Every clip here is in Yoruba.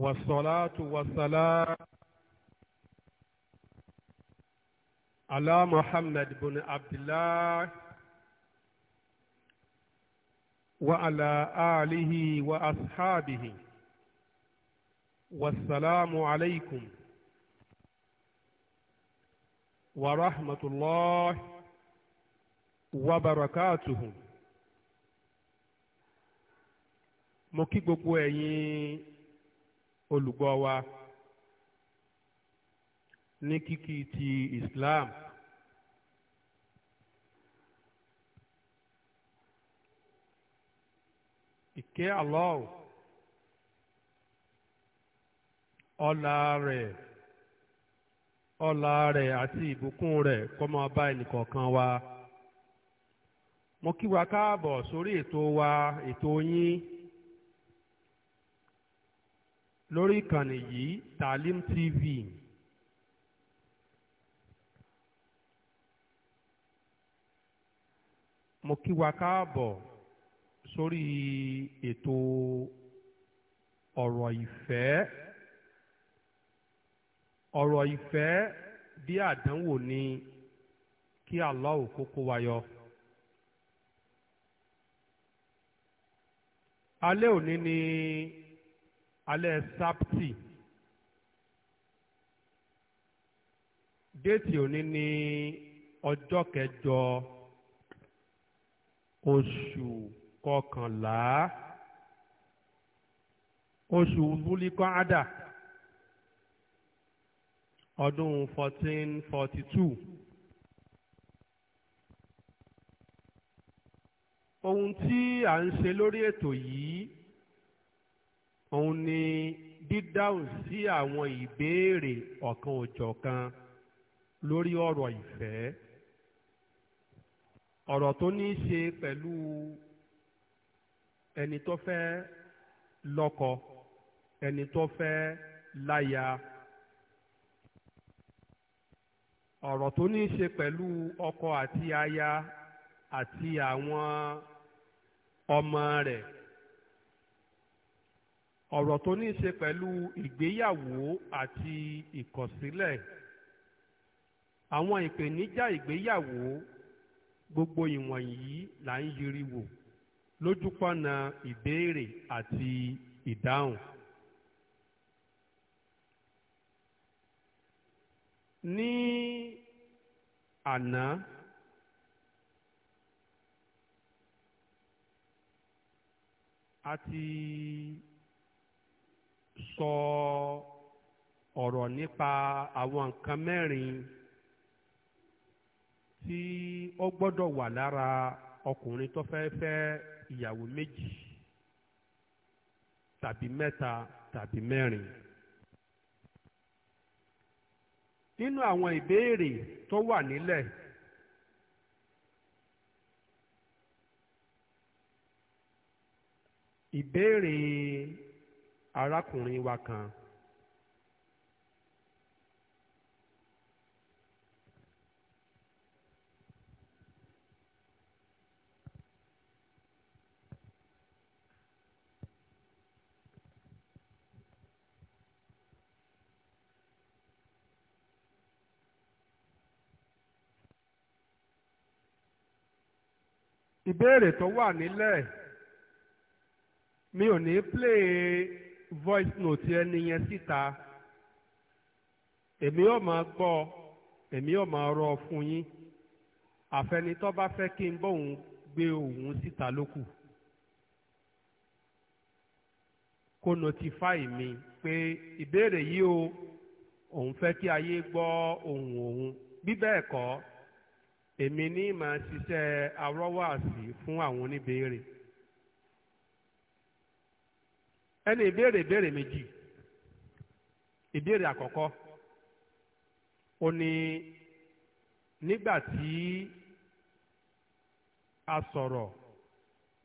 والصلاة والسلام على محمد بن عبد الله وعلى آله وأصحابه والسلام عليكم ورحمة الله وبركاته mo kí olùkọ́ wa ní kíkí ti Islam ìké Allah ọlá rẹ̀ ọlá rẹ̀ àti ìbùkún rẹ̀ kó máa bá ẹnìkọ̀ọ̀kan wa mo kí wa káàbọ̀ sórí ètò wa ètò yín. lórí ìkànnì yìí Taalim TV mo kí wa káàbọ̀ sórí ètò ọ̀rọ̀ ìfẹ́ ọ̀rọ̀ ìfẹ́ bí àdánwò ni kí Allah kó kó wa yọ. alẹ́ òní ni. ni alẹ́ sábtì déètì òní ni ọjọ́ kẹjọ oṣù kọkànlá oṣù bulikọ́ádà ọdún fourteen forty two. ohun tí à ń ṣe lórí ètò yìí òun ni dídáhùn sí àwọn ìbéèrè ọ̀kan òjọ̀kan lórí ọ̀rọ̀ ìfẹ́ ọ̀rọ̀ tó ní í ṣe pẹ̀lú ẹni tó fẹ́ lọ́kọ ẹni tó fẹ́ láya ọ̀rọ̀ tó ní í ṣe pẹ̀lú ọkọ àti aya àti àwọn ọmọ rẹ̀ ọ̀rọ̀ tó ní í ṣe pẹ̀lú ìgbéyàwó àti ìkọ̀sílẹ̀ àwọn ìpèníjà ìgbéyàwó gbogbo ìwọ̀nyí là ń yiri wò lójúpọ̀nà ìbéèrè àti ìdáhùn. ní àná àti sọ ọ̀rọ̀ nípa àwọn nǹkan mẹ́rin tí ó gbọ́dọ̀ wà lára ọkùnrin tó fẹ́ fẹ́ ìyàwó méjì tàbí mẹ́ta tàbí mẹ́rin. nínú àwọn ìbéèrè tó wà nílẹ̀ ìbéèrè arákùnrin wa kan ìbéèrè tó wà nílẹ̀ mi ò ní play voice note ẹni yẹn síta èmi ò máa gbọ́ èmi ò máa rọ fún yín àfẹnitọ́ bá fẹ́ kí n bóun gbé òun síta lókù kó notify mi pé ìbéèrè yìí o òun fẹ́ kí ayé gbọ́ ohùn òun bí bẹ́ẹ̀ kọ́ èmi ní máa ṣiṣẹ́ arọ́wàsí fún àwọn oníbéèrè. ẹni ìbéèrè ìbéèrè méjì ìbéèrè àkọ́kọ́ ó ní nígbà tí a sọ̀rọ̀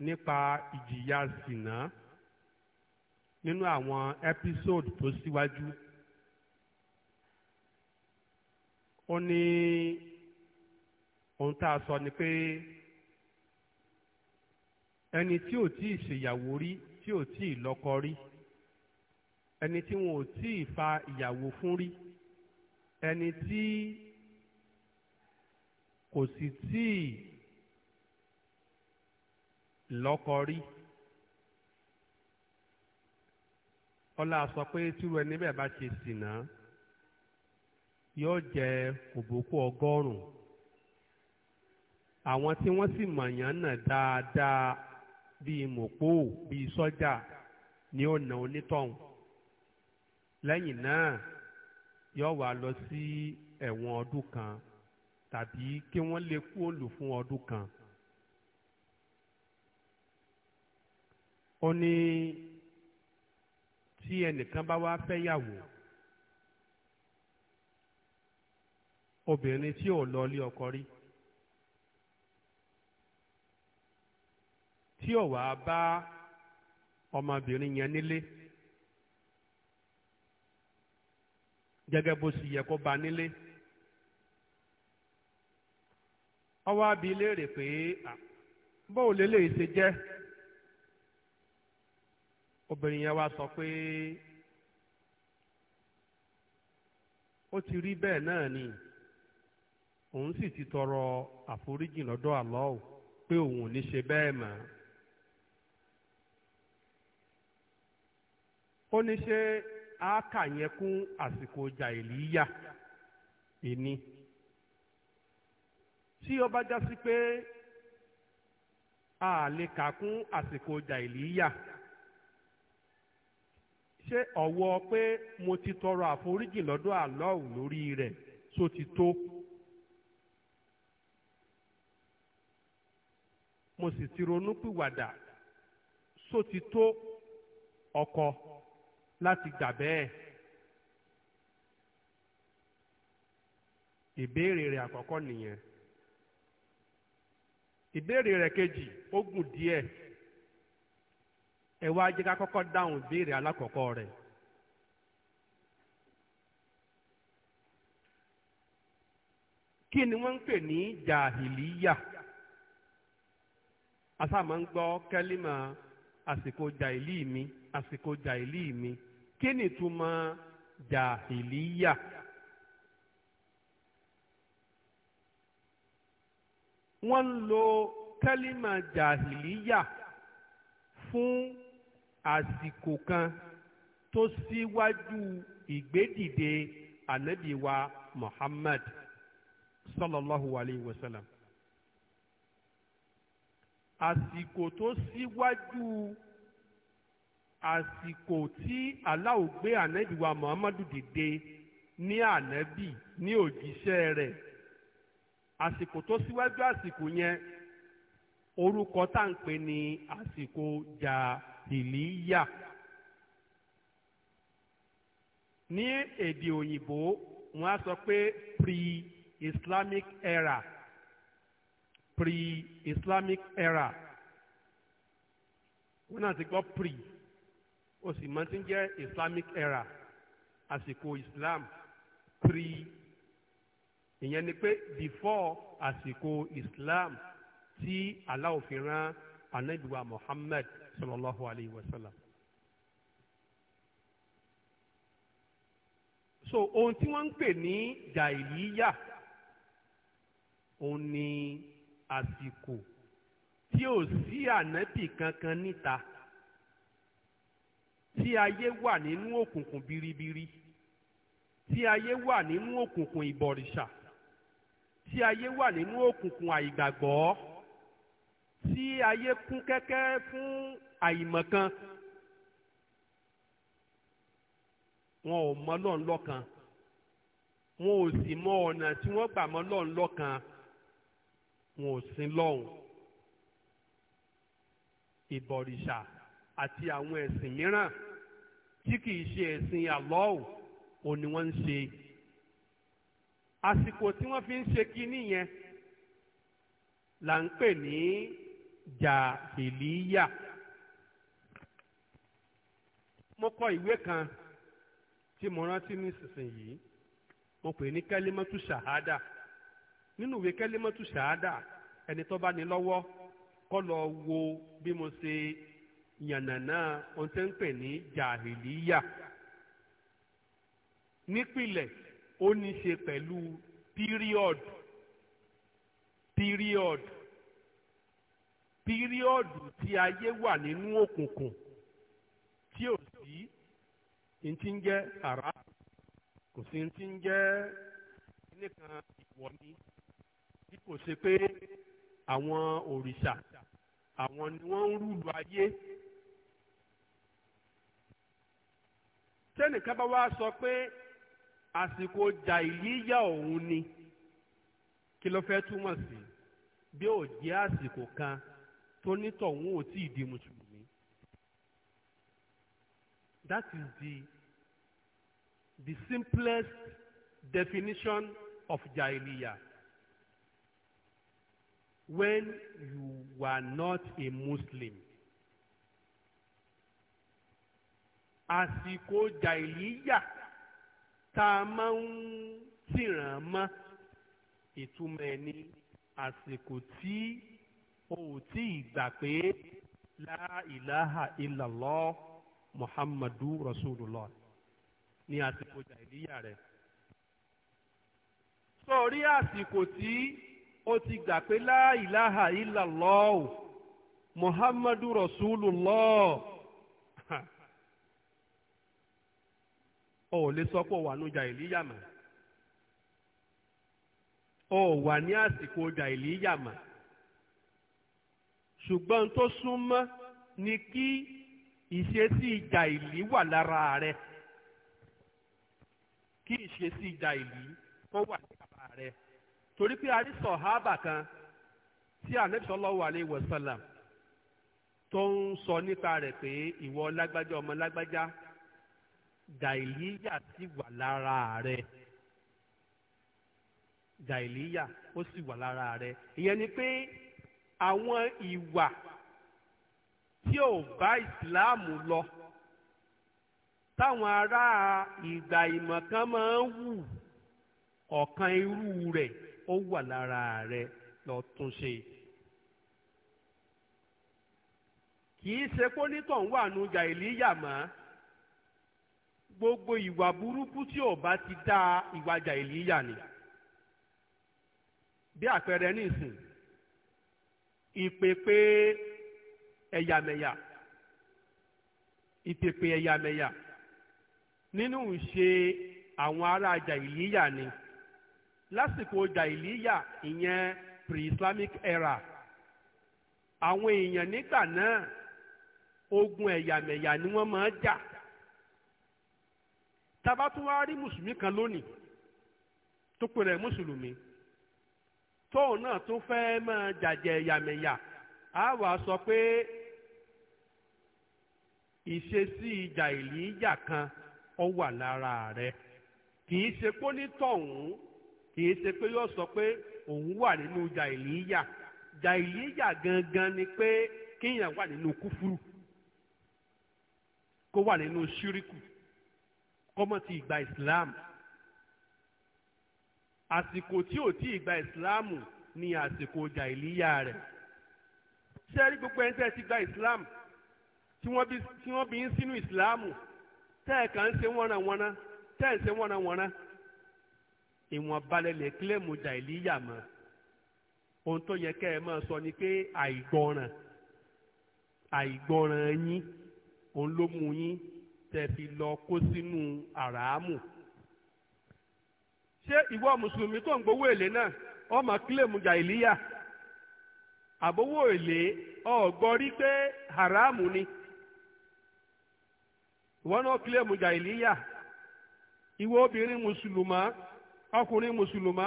nípa ìjìyà sìnà nínú àwọn ẹ́písòdù tó síwájú ó ní ohun tá a sọ ni pé ẹni tí ò tí ì ṣèyàwó rí tí ò tí ì lọ́kọ rí ẹni tí wọn ò tí fa ìyàwó fún rí ẹni tí kò sì tí ì lọ́kọ rí ọlá sọ pé tíru ẹni bẹ́ẹ̀ bá ṣe ṣìnà yóò jẹ kòbókó ọgọ́rùn-ún àwọn tí wọ́n sì mọ̀yán náà dáadáa bíi mòpó bíi sọ́jà ni ó onítọ̀hún lẹ́yìn náà yóò wá lọ sí ẹ̀wọ̀n ọdún kan tàbí kí wọ́n lè kú òlù fún ọdún kan. ó ní tí ẹnìkan bá wá fẹ́yàwó obìnrin tí ò lọ ilé ọkọ rí tí ò wá bá ọmọbìnrin yẹn nílé gẹ́gẹ́ bó sì yẹ kó bá nílé ọwọ́ abi léèrè pé bóò lélẹ́yìí ṣe jẹ́ obìnrin yẹn wá sọ pé ó ti rí bẹ́ẹ̀ náà ni òun sì ti tọrọ àforíjì lọ́dọ̀ àlọ́ pé òun ò ní ṣe bẹ́ẹ̀ mọ́. ó ní ṣe áákà yẹn kún àsìkò jàìlíyà ẹni tí ó já sí pé a lè kà kún àsìkò jàìlíyà ṣé ọ̀wọ́ pé mo ti tọrọ àforíjì lọ́dọ̀ àlọ́ọ̀ lórí rẹ̀ tó ti tó mo sì ti ronú pìwàdà só ti tó ọkọ. láti gbà bẹ́ẹ̀. ìbéèrè rẹ̀ àkọ́kọ́ nìyẹn ìbéèrè rẹ̀ kejì ó gùn díẹ̀ ẹ wá jẹ́ ká kọ́kọ́ dáhùn ìbéèrè alákọ̀ọ́kọ́ rẹ̀. ni wọ́n ń pè ní jàhìlíyà asáàmọ́ ń gbọ́ kẹ́límà àsìkò jàhìlí mi. àsìkò jàìlì mi kí ni ìtumọ̀ jàìlìyà. wọ́n ń lo kẹ́límà jàìlìyà fún àsìkò kan tó síwájú ìgbédìde ànábì Muhammad sallallahu alayhi wa sallam àsìkò tó síwájú àsìkò tí Allah gbé ànábì Muhammadu dìde ní ànábì ní òjíṣẹ́ rẹ̀ àsìkò tó síwájú àsìkò yẹn orúkọ tá à ń pè ní àsìkò jàhìlíyà ní èdè òyìnbó wọn á sọ pé pre-islamic era pre-islamic era wọn náà ti gbọ́ pre. -islamic era. o sì mọ̀ tí ń jẹ́ islamic era àsìkò islam pre ìyẹn ni pé before àsìkò islam tí Allah fi rán anabiwa muhammad sallallahu alayhi wa sallam. so ohun tí wọ́n ń pè ní jàìlíyà òun ni àsìkò tí ò sí ànábì kankan níta tí ayé wà nínú òkùnkùn biribiri tí ayé wà nínú òkùnkùn ìbọ̀rìṣà tí ayé wà nínú òkùnkùn àìgbàgbọ́ tí ayé kún kẹ́kẹ́ fún àìmọ̀kan wọn ò mọ lọ́n lọ́kan wọn ò sì mọ ọ̀nà tí wọ́n gbà mọ́ lọ́n lọ́kan wọn ò sin lọ́hùn ìbọ̀rìṣà àti àwọn ẹ̀sìn mìíràn tí kìí ṣe ẹ̀sìn àlọ́ọ̀ ò ní wọ́n ń ṣe àsìkò tí wọ́n fi ń ṣe kínní yẹn là ń pè ní jàhìlíyà mo kọ ìwé kan tí mo rántí nísinsìnyí mo pè ní kẹ́límọ́tù ṣàhádà nínú ìwé kẹ́límọ́tù ṣàhádà ẹni tó bá ní lọ́wọ́ kó lọ wo bí mo ṣe yànnànà ohun tó ń pè ní jàhìlíyà nípìnlẹ̀ ó ní ṣe pẹ̀lú píríọ̀dù píríọ̀dù píríọ̀dù tí ayé wà nínú òkùnkùn tí ò sí ntí ń jẹ́ àrá kò sí ntí ń jẹ́ nìkan ìwọ ni bí kò ṣe pé àwọn òrìṣà àwọn ni wọ́n ń rúlu ayé. tẹ́nìkan bá wá sọ pé àsìkò jàìlíyà òun ni kí ló fẹ́ túmọ̀ sí bí ó jẹ́ àsìkò kan tó nítọ̀hún ò tí ì di mùsùlùmí that is the the simplest definition of jahiliya when you were not a Muslim. àsìkò jàìlíyà tá a máa ń tìràn mọ́ ìtumọ̀ ẹ̀ àsìkò tí o ò tí ì gbà pé la ilaha illallah muhammadu rasulullah ní àsìkò jàìlíyà rẹ̀ sọ̀rí àsìkò tí o ti gbà pé la ilaha illallah muhammadu rasulullah. o ò lè sọ pé o wà nù jàìlíyà mọ́ o wà ní àsìkò jàìlíyà ṣùgbọ́n tó súnmọ́ ni kí ìṣesí jàìlí wà lára rẹ kí ìṣesí jàìlí kó wà lára rẹ torí pé a rí sọ̀hábà kan tí ànábì sallallahu alaihi wasallam tó ń sọ nípa rẹ̀ pé ìwọ lágbájá ọmọ lágbájá jàìlíyà sì wà lára rẹ̀ jàìlíyà ó sì wà lára rẹ̀ ìyẹn ni pé àwọn ìwà tí ò bá ìsìláàmù lọ táwọn ará ìgbà ìmọ̀kan máa ń wù ọ̀kan irú rẹ̀ ó wà lára rẹ̀ lọ tún ṣe. kì í ṣe pé onítọ̀ ń wà nù jàìlíyà mọ́. gbogbo ìwà burúkú tí ò bá ti dá ìwàjà jàìlíyà ni bí àpẹẹrẹ nísìn ìpèpè ẹ̀yàmẹ̀yà ìpèpè ẹ̀yàmẹ̀yà nínú ìṣe àwọn ará jàìlíyà ni lásìkò jàìlíyà ìyẹn pre-islamic era àwọn èèyàn nígbà náà ogun ẹ̀yàmẹ̀yà ni wọ́n máa ń jà. tába tún wá rí mùsùlùmí kan lónìí tó pè rẹ̀ mùsùlùmí tóun náà tún fẹ́ máa jàjẹ́ ẹ̀yàmẹ̀yà á wàá sọ pé ìṣesí ìjà kan ó wà lára re kì í ṣe pé onítọ̀hún kì í ṣe pé yóò sọ pé òun wà nínú ìjà ìlíjà ìjà ìlíjà gangan ni pé kéèyàn wà nínú kúfúrú kó wà nínú ṣíríkù. kọ́mọ ti ìgbà islam àsìkò tí ò tí ìgbà islam ni àsìkò jàìlíyà rẹ̀ ṣé ẹ rí gbogbo ẹni tẹ́ ti gba islam tí wọ́n bí ń sínú islam tẹ́ ẹ̀ kàn ń ṣe wọ́nrawọ́nra tẹ́ ẹ̀ ń ṣe wọ́nrawọ́nra ìwọ̀n balẹ̀ lè kílẹ̀mù jàìlíyà mọ́ ohun tó yẹ kẹ́ ẹ máa sọ ni pé àìgbọràn àìgbọràn yín òun ló mú yín tẹ́ fi lọ kó sínú àràámù ṣé ìwọ mùsùlùmí tó ń gbowó èlé náà ọmọ kílèmù jàìlíyà àbówó èlé ọ̀gbọ́rí pé haramu ni ìwọ náà kílèmù jàìlíyà ìwọ obìnrin mùsùlùmá ọkùnrin mùsùlùmá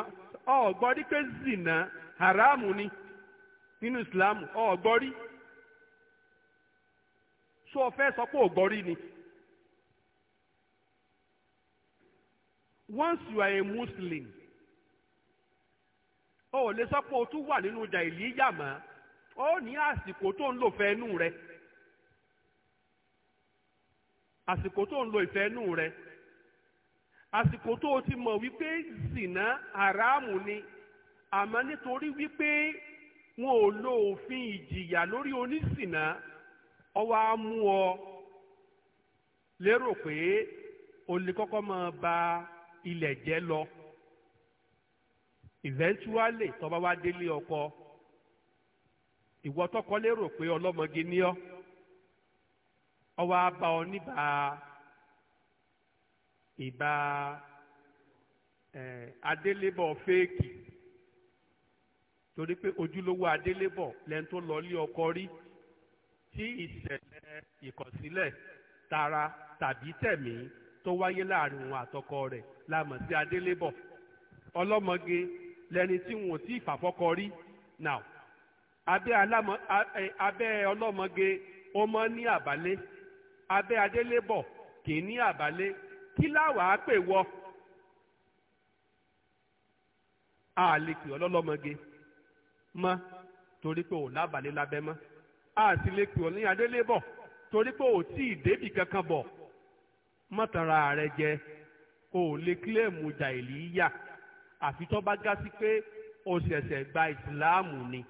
ọ̀gbọ́rí pé zina haramu ni nínú ìsìlámù ọ̀gbọ́rí sọ fẹ́ sọ pé ni. once you are a muslim o ò lè sọ pé o tún wà nínú ìjà ìlíyà mọ́ ó ní àsìkò tó ń lò fẹ́ nù rẹ àsìkò tó ń lo ìfẹ́ nù rẹ àsìkò tó o ti mọ̀ wípé zina haramu ni àmọ́ nítorí wípé wọn ò lo òfin ìjìyà lórí onísìnà ọwọ́ á mú ọ lérò pé o lè kọ́kọ́ máa ba ilẹ̀ jẹ́ lọ eventually tó bá wá délé ọkọ ìwọ tọkọ lérò pé ọlọ́mọge ní ọ ọ wá bá ọ níbà ìbá adélébọ̀ fẹ́ẹ̀kì torí pé ojúlówó adélébọ̀ lẹ́ni tó lọ lé ọkọ rí tí ìṣẹ̀lẹ̀ ìkọ̀sílẹ̀ tara tàbí tẹ̀mí tó wáyé láàrin òun àtọkọ rẹ̀ la mọ̀ sí adélébọ̀ ọlọ́mọge lẹni tí wọn ò tí ì fàfọ́kọ rí now abẹ́ alámọ abẹ́ ọlọ́mọge ó mọ́ ní àbálé abẹ́ adélébọ̀ kì í ní àbálé kí láwàá pè wọ àlèkè ọlọ́lọ́mọge mọ́ torí pé ò lábàlé lábẹ́ mọ́ àtìlẹ́kè ò ní adélébọ̀ torí pé ò tí ì débì kankan bọ̀ mọ́tara rẹ jẹ o ò lè kílẹ̀mù jàìlíyà àfi tó bá gá sí pé o ṣẹ̀ṣẹ̀ gba ìsìláàmù ni.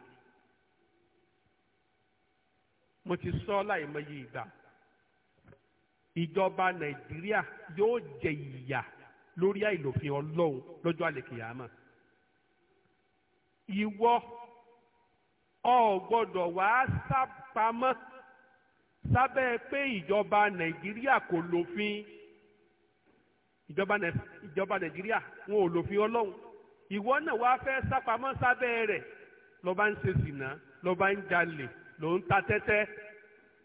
mo ti sọ láìmọye ìgbà ìjọba nàìjíríà yóò jẹ ìyà lórí àìlòfin ọlọ́run lọ́jọ́ àlèkìyàmà ìwọ ọ gbọ́dọ̀ wá sápamọ́ sábẹ́ pé ìjọba nàìjíríà kò lòfin ìjọba nàìjíríà wọn ò lòfin ọlọ́run ìwọ náà wàá fẹ́ sápamọ́ sábẹ́ rẹ̀ ló ń ṣe sìnà ló ń jalè ló ń ta tẹ́tẹ́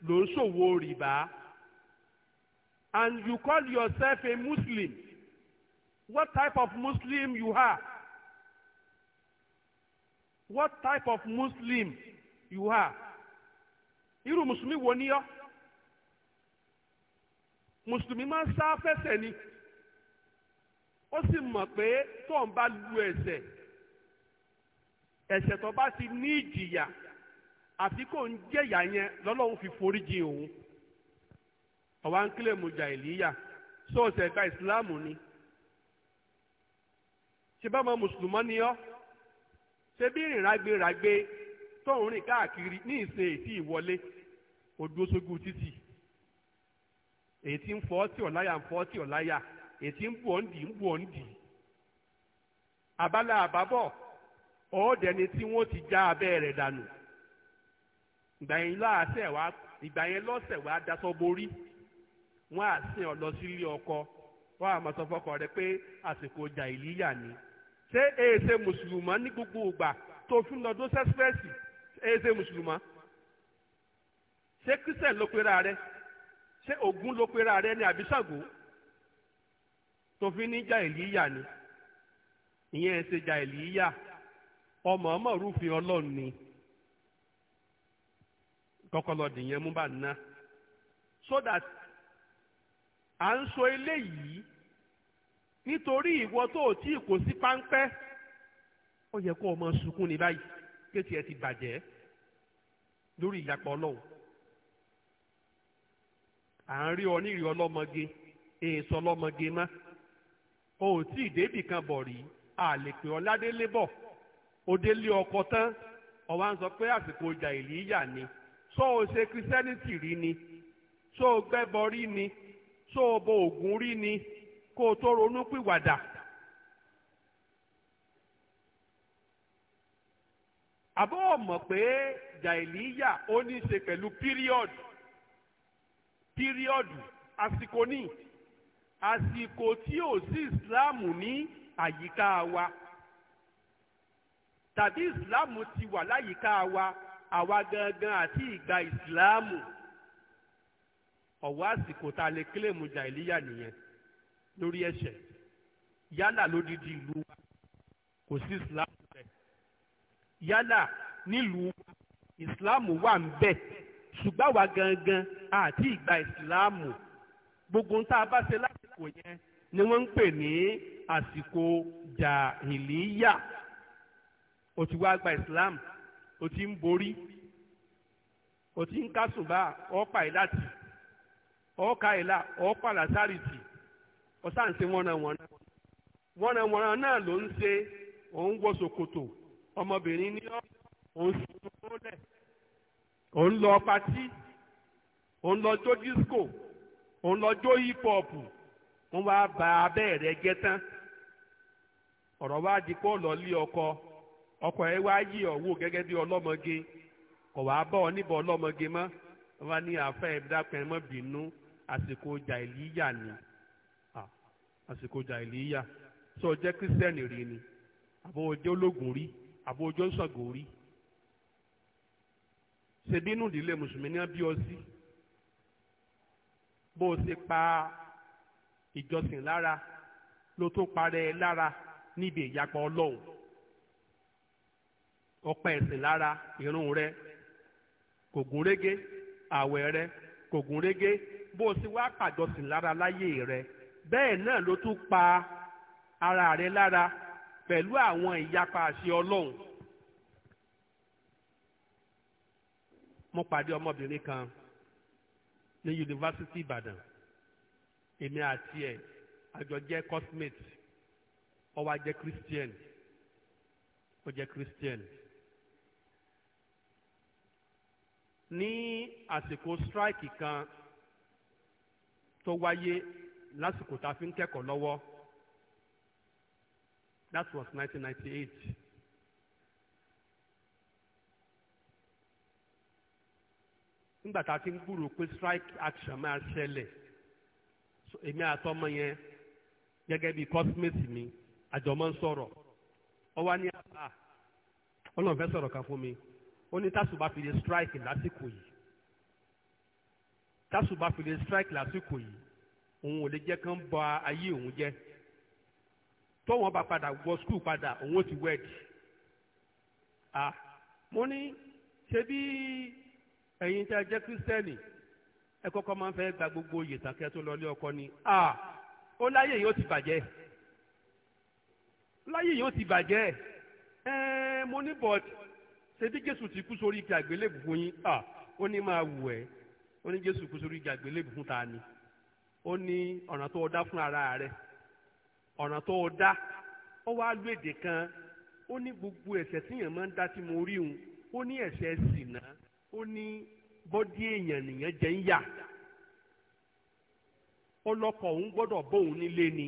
ló ń ṣòwò rìbá and you call yourself a Muslim what type of Muslim you are what type of Muslim you are irú mùsùlùmí wo ni ọ́ mùsùlùmí máa ń sá fẹsẹ̀ ni ó sì mọ̀ pé tóun bá lu ẹ̀ṣẹ̀ ẹ̀ṣẹ̀ tó bá ti ní ìjìyà àfi kò ń jẹ̀yà yẹn lọ́lọ́run fi foríjì òun ọ̀wá ń kílè mu ìlíyà sóòsẹ̀ gba ìsìláàmù ni ṣe bá ọmọ mùsùlùmọ́ ni ọ́ ṣe bí ìrìnràgbèràgbè tóun rìn káàkiri ní ìsìn èyí tí ìwọlé odúró sójú títì èyí tí ń fọ́ tí ọ̀láyà ń fọ́ tí ọ̀láyà ètí ń bù ń dì ń bù ń dì abala àbábọ̀ ọ̀ọ́dẹni tí wọ́n ti já abẹ́ rẹ̀ dànù ìgbà yẹn lọ́sẹ̀ wá ìgbà yẹn lọ́sẹ̀ wá daṣọ borí wọ́n á sìn ọ lọ sílé ọkọ wọ́n á máa sọ fọkọ rẹ pé àsìkò ọjà ìlíyà ni ṣé èèṣe e mùsùlùmá ní gbogbo ìgbà tó fi lọ dó sẹ́sífẹ́sì èèṣe e mùsùlùmá ṣé kírísẹ̀ ló pera rẹ ṣé ògún ló pera rẹ ni àbí tó fi ní jàìlíyà ni ìyẹn ṣe jàìlíyà ọmọ ọmọ rúfin ọlọ́run ni kọ́kọ́lọ́ dìyẹn mú bá ná so that à ń sọ eléyìí nítorí ìwọ tó o tí kò sí páńpẹ́ ó yẹ kó o mọ sunkún ní báyìí kéètì ẹ ti bàjẹ́ lórí ìyàpọ̀ ọlọ́run à ń rí ọ nírìí ọlọ́mọge èèṣọ ọlọ́mọge má o ò tí ì débì kan bọ̀ rí àlèpé ọ̀ládélé bọ̀ òdélé ọkọ tán ọ̀wá ń sọ pé àsìkò ìjà ìlíyà ni sọ ò ṣe kírísítẹ́nìtì rí ni sọ ò gbẹ́bọ rí ni sọ ò bọ ògùn rí ni kó o tó ronú pìwàdà. àbọ̀ ọ̀mọ̀ pé jàìlíyà ó ní í ṣe pẹ̀lú píríọ̀dù píríọ̀dù àsìkò níì àsìkò tí ò sí ìsìláàmù ní àyíká wa tàbí ìsìláàmù ti wà láyìíká wa àwa gangan àti ìgbà ìsìláàmù ọ̀wọ́ àsìkò tá a lè kílèmù jàìlíyà nìyẹn lórí ẹ̀ṣẹ̀ yálà lódìdí ìlú wa kò sí ìsìláàmù rẹ̀ yálà nílùú ìsìláàmù wà ń bẹ ṣùgbọ́n àwa gangan àti ìgbà ìsìláàmù gbogbo ń tá a bá ṣe láti. àsìkò yẹn ni wọ́n ń pè ní àsìkò jahiliya o ti wá gba Islam o ti ń borí o ti ń kásùbà ọ̀pá ìlàtì ọ̀ọ́ka ìlà ọ̀ọ́pá làtàrìtì ọ̀sáǹsẹ̀ wọ́nàwọ́nà wọ́nàwọ́nà náà ló ń ṣe òun wọ ṣòkòtò ọmọbìnrin ní ọ́ òun sì ń lọ́lẹ̀ òun lọ patí òun lọ jó disco òun lọ jó hip hop wọ́n wá ba abẹ́ rẹ̀ jẹ́ tán ọ̀rọ̀ wá di lọ ọkọ ọkọ ẹ wá yí ọ̀wọ́ gẹ́gẹ́ bí ọlọ́mọge kò wá bọ́ ọ níbọ̀ ọlọ́mọge mọ́ wọ́n wá ní àfẹ́ ìdákan ẹ bínú àsìkò jàìlíyà ni àsìkò jàìlíyà sọ jẹ́ kírísítẹ́nì rí ni àbò ọjọ́ ológun rí àbò ọjọ́ sọ̀gùn rí ṣèbínú ìdílé mùsùlùmí ní bí ọ sí bó o ṣe pa ìjọsìn lára ló tún parẹ́ lára níbi ìyapa ọlọ́run ọpẹ́ ẹ̀sìn lára irun rẹ kò gún régé àwẹ̀ rẹ kò gún régé bó o sì wá pàjọsìn lára láyé rẹ bẹ́ẹ̀ náà ló tún pa ara rẹ lára pẹ̀lú àwọn ìyapa àṣẹ ọlọ́run. mo pàdé ọmọbìnrin kan ní yunifásitì Ìbàdàn èmi àti ẹ̀ àjọ jẹ́ cosmate ó wá christian ó jẹ́ christian. ní àsìkò strike kan tó wáyé lásìkò tá a fi ń kẹ́kọ̀ọ́ lọ́wọ́ that was 1998. nígbà tá a ti ń gbúròó pé strike action máa ṣẹlẹ̀ èmi àtọmọ yẹn gẹ́gẹ́ bíi cosmate mi àjọmọ́ ń sọ̀rọ̀ ọ wá ní àbá ah, ọlọ́run fẹ́ kan fún mi ó ní tásùbà fi strike lásìkò yìí tásùbà fi lè strike lásìkò yìí òun ò lè jẹ́ kán ba ayé òun jẹ́ tọ́wọ́n bá padà wọ skul padà òun ó ti wed ah mo ní ṣe bí ẹ̀yin tẹ́ jẹ́ kírísítẹ́nì ẹ kọ́kọ́ máa ń fẹ́ gba gbogbo oyè tàkẹ́ tó lọ lé ọkọ ni à ó láyé yóò ti bàjẹ́ láyé yóò ti bàjẹ́ ẹ mo ní bọ́ọ̀d ṣebí Jésù ti kú sórí igi àgbélébù fún yín à ó ní máa wù ẹ́ ó ní Jésù kú sórí igi àgbélébù fún ta ni ó ní ọ̀nà tó dá fún ara rẹ ọ̀nà tó dá ó wá lú èdè kan ó ní gbogbo ẹ̀ṣẹ̀ tíyàn máa ń dá tí mo rí òun ó ní ẹ̀ṣẹ̀ sìnà ó ní bọ́dí èèyàn nìyẹn jẹ́ ń yà ọlọ́kọ̀ òun gbọ́dọ̀ bóun nílé ni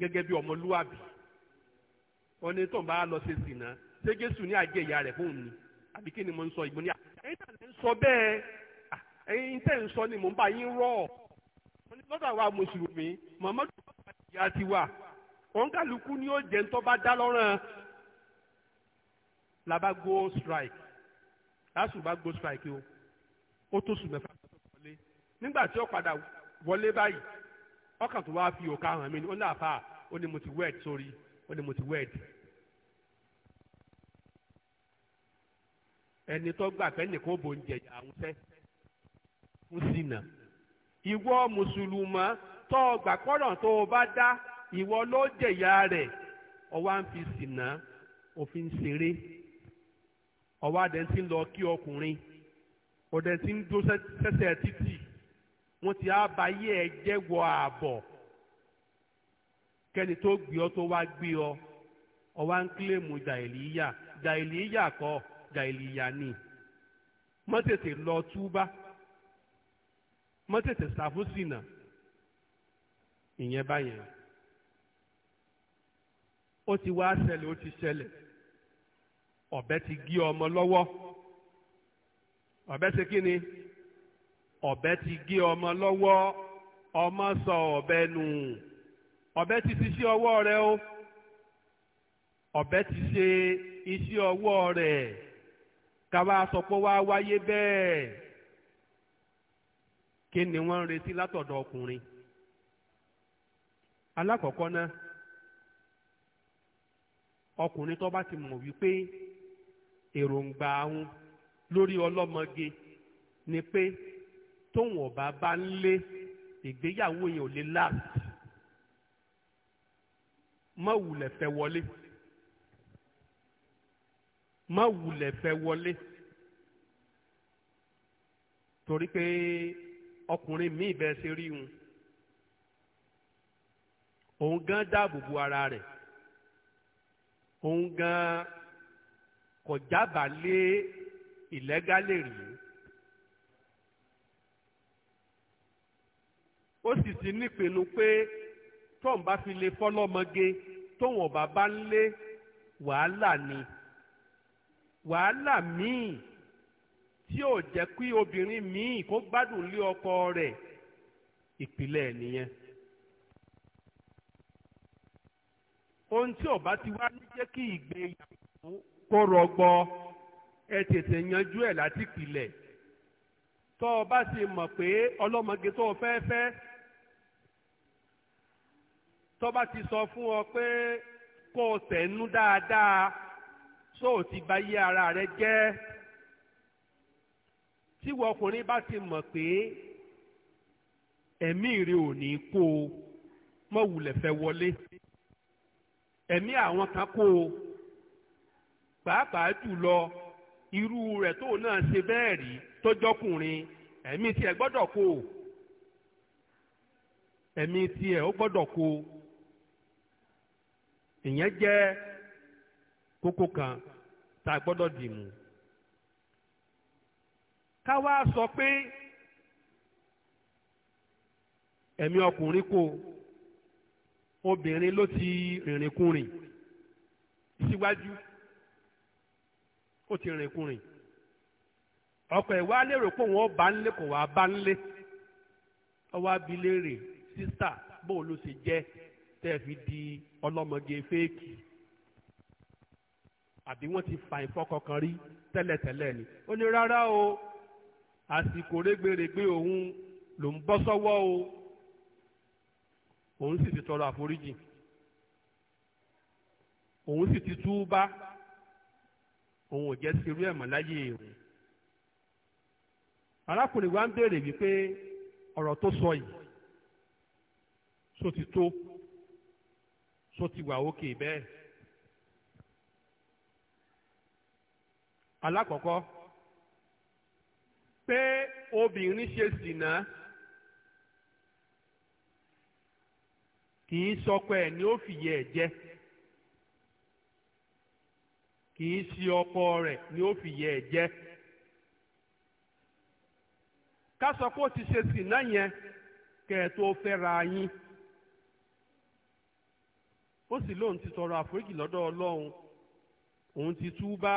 gẹ́gẹ́ bí ọmọlúwàbí ọ̀nà tó ń bá lọ ṣe sì náà ṣé Jésù ní àjẹ ìyá rẹ̀ fóun ni àbí kí ni mo ń sọ ìgbóni àti ẹ̀yin tà ń sọ bẹ́ẹ̀ ẹ̀yin tẹ̀ ń sọ ni mò ń bá yín rọ̀ lọ́dọ̀ àwa mùsùlùmí Muhammadu ìyá ti wà òǹkàlùkù ni ó jẹ́ ń bá dá lọ́rùn làbá go strike lásùn bá go strike o. ó tó sùn mẹ́fà wọlé nígbà tí ó padà wọlé báyìí ọkàn tó wáá fi òkà hàn mí ni ó ní àfà ó ní mo ti wed sórí ó ní mo ẹni tó gbà kẹ́nìkan ó bò ń àwọn bá dá ìwọ ló jẹ̀yà rẹ̀ ọwọ́ à ń fi òfin ṣeré ọwọ́ lọ kí ọ̀dẹ̀ tí ń dó sẹ́sẹ̀ títì wọ́n ti á bayé ẹ jẹ́wọ́ ààbọ̀ kẹ́ni tó gbé ọ tó wá gbé ọ ọ wá ń kílèmù jàìlíyà jàìlíyà kọ́ jàìlíyà ni mọ́ tètè lọ túbá mọ́ tètè ṣàfùsìnà ìyẹn báyẹn ó ti wá ṣẹlẹ̀ ó ti ṣẹlẹ̀ ọ̀bẹ ti gé ọmọ lọ́wọ́ ọ̀bẹ ṣe kí ni ọ̀bẹ ti gé ọmọ lọ́wọ́ ọmọ sọ ọ̀bẹ nù ọ̀bẹ ti ti ṣe ọwọ́ rẹ o ọ̀bẹ ti ṣe iṣẹ́ ọwọ́ rẹ káwa sọ pé wá wáyé bẹ́ẹ̀ kí ni wọ́n ń retí látọ̀dọ̀ ọkùnrin alákọ̀ọ́kọ́ náà ọkùnrin tó bá ti mọ̀ wípé èròǹgbà ahun lórí ọlọ́mọge ni pé tóun ọ̀bá bá ń lé ìgbéyàwó yẹn ò lè láàbù má wulẹ̀ fẹ́ wọlé má fẹ́ wọlé torí pé ọkùnrin míì bẹ́ẹ̀ ṣe rí un òun gan dáàbò bo ara rẹ̀ òun gan kọjá bàálé ìlẹ́gá lè ó sì ti nípinnu pé tóun bá fi lè fọlọ́mọge tóun ọ̀bà bá ń lé wàhálà ni wàhálà míì tí ò jẹ́ kí obìnrin míì kó gbádùn lé ọkọ rẹ̀ ìpìlẹ̀ nìyẹn. ohun tí ọba ti wá ní jẹ́ kí ìgbéyàwó kó ẹ tètè yanjú ẹ̀ láti pilẹ̀ tọ́ ọ bá ti mọ̀ pé ọlọ́mọge tó o fẹ́ fẹ́ tọ́ bá ti sọ fún ọ pé kó o tẹ̀nú dáadáa só o ti bà yé ara rẹ jẹ́ tíwọ ọkùnrin bá ti mọ̀ pé ẹ̀mí rẹ ò ní kó o mọ̀ wulẹ̀ fẹ́ wọlé ẹ̀mí àwọn kan kó o pàápàá jùlọ irú rẹ̀ tó náà ṣe bẹ́ẹ̀ rí tó jọkùnrin ẹ̀mí tiẹ̀ gbọ́dọ̀ kó o ẹ̀mí tiẹ̀ ó gbọ́dọ̀ kó o ìyẹn jẹ́ kókó kan tá a gbọ́dọ̀ dì mú. ká wá sọ pé ẹ̀mí ọkùnrin kó obìnrin ló ti rìnrìn kúrìn síwájú. Si ó ti rìn kùnrin ọkọ ẹ̀ wá lérò pé òun ọba ńlé kò wá bá ńlé ọwọ́ abiléèrè sísà bóun ló ṣe jẹ́ tẹ́ fi di ọlọ́mọge fẹ́ẹ̀kì àbí wọ́n ti fà ìfọkàn rí tẹ́lẹ̀tẹ́lẹ̀ ni ó ní rárá o àsìkò rẹ́gbẹ̀rẹ́gbẹ́ òun ló ń bọ́ sọ́wọ́ o òun sì ti tọrọ àforíjì òun sì ti túbá. òun ò jẹ́ sí irú ẹ̀ láyé òun. arákùnrin wa ń béèrè wípé ọ̀rọ̀ tó sọ yìí tó wà bẹ́ẹ̀. alákọ̀ọ́kọ́ sọkọ ẹ̀ ni ó fìyẹ́ ẹ̀ kì í ṣe ọkọ rẹ̀ ni ó fi yẹ ẹ jẹ́ ká sọ pé ó ti ṣe sì náà yẹn kẹ́ ẹ tó fẹ́ra yín ó sì lóun ti tọrọ àforíjì lọ́dọ̀ ọlọ́run òun ti bá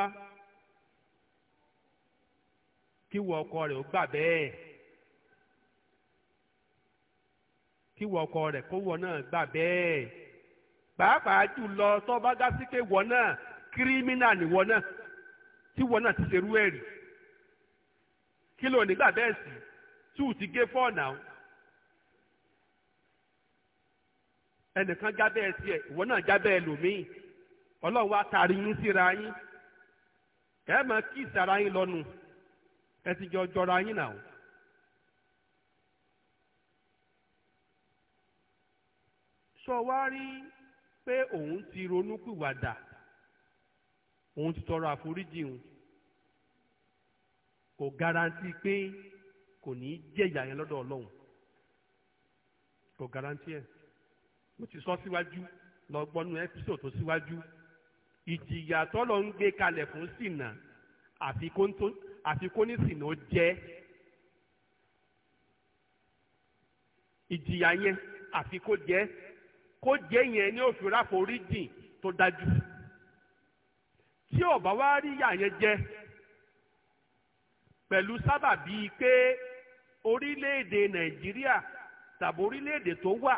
kí wọ ọkọ rẹ̀ ó gbà bẹ́ẹ̀ kí wọ ọkọ rẹ̀ kó wọ náà gbà bẹ́ẹ̀ pàápàá jùlọ tó bá gá sí pé wọ náà kírímínà wọn náà tí wọn náà ti ṣerú ẹ̀ kí ló nígbà bẹ́ẹ̀ sì tí ò ti gé fọ́ọ̀nà o ẹnìkan jábẹ́ ẹ ìwọ náà já ẹ lòmíì ọlọ́run wa taari yín síra yín ẹ kí ìsara yín o. sọ wá rí pé ti òun ti tọrọ àforíjì òun kò garanti pé kò ní í jẹ̀yà yẹn lọ́dọ̀ ọlọ́run kò garanti ẹ̀ mo ti sọ síwájú lọ gbọ́nú ẹ́písòdù tó síwájú ìjìyà tọ́lọ̀ ń gbé kalẹ̀ fún sìnà àfi kó ní sìnà ó jẹ́ ìjìyà yẹn àfi kó jẹ́ kó jẹ́ yẹn ní òfin ráforíjì tó dájú tí ò bá wá rí ìyà yẹn jẹ pẹ̀lú sábàbí pé orílẹ̀-èdè nàìjíríà tàbí orílẹ̀-èdè tó wà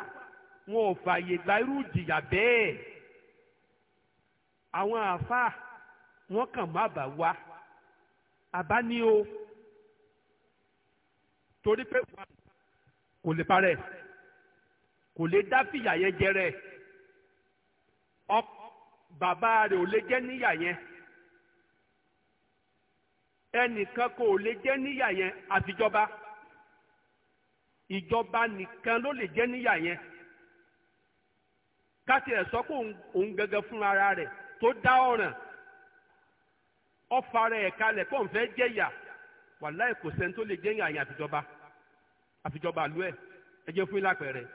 wọn ò fààyè gba irú ìjìyà bẹ́ẹ̀ àwọn àáfàá wọn kàn má bà wá àbá ní o torí pé kò lè parẹ́ kò lè dá fìyà yẹn jẹrẹ bàbá rẹ̀ ò lè jẹ́ níyà yẹn ẹnìkan kò lè jẹ́ níyà yẹn àfijọba ìjọba nìkan ló lè jẹ́ níyà yẹn káti ẹ̀ sọ pé òun gẹ́gẹ́ fún ara rẹ̀ tó dá ọ̀ràn ọ̀fà rẹ̀ ẹ̀ka lẹ̀ pọ̀ ń fẹ́ jẹ̀yà wàláì kò sẹ́ni tó lè jẹ́ níyà yẹn àfijọba àfijọba àlú ẹ̀ ẹ jẹ́ fún yín lápẹ̀rẹ̀.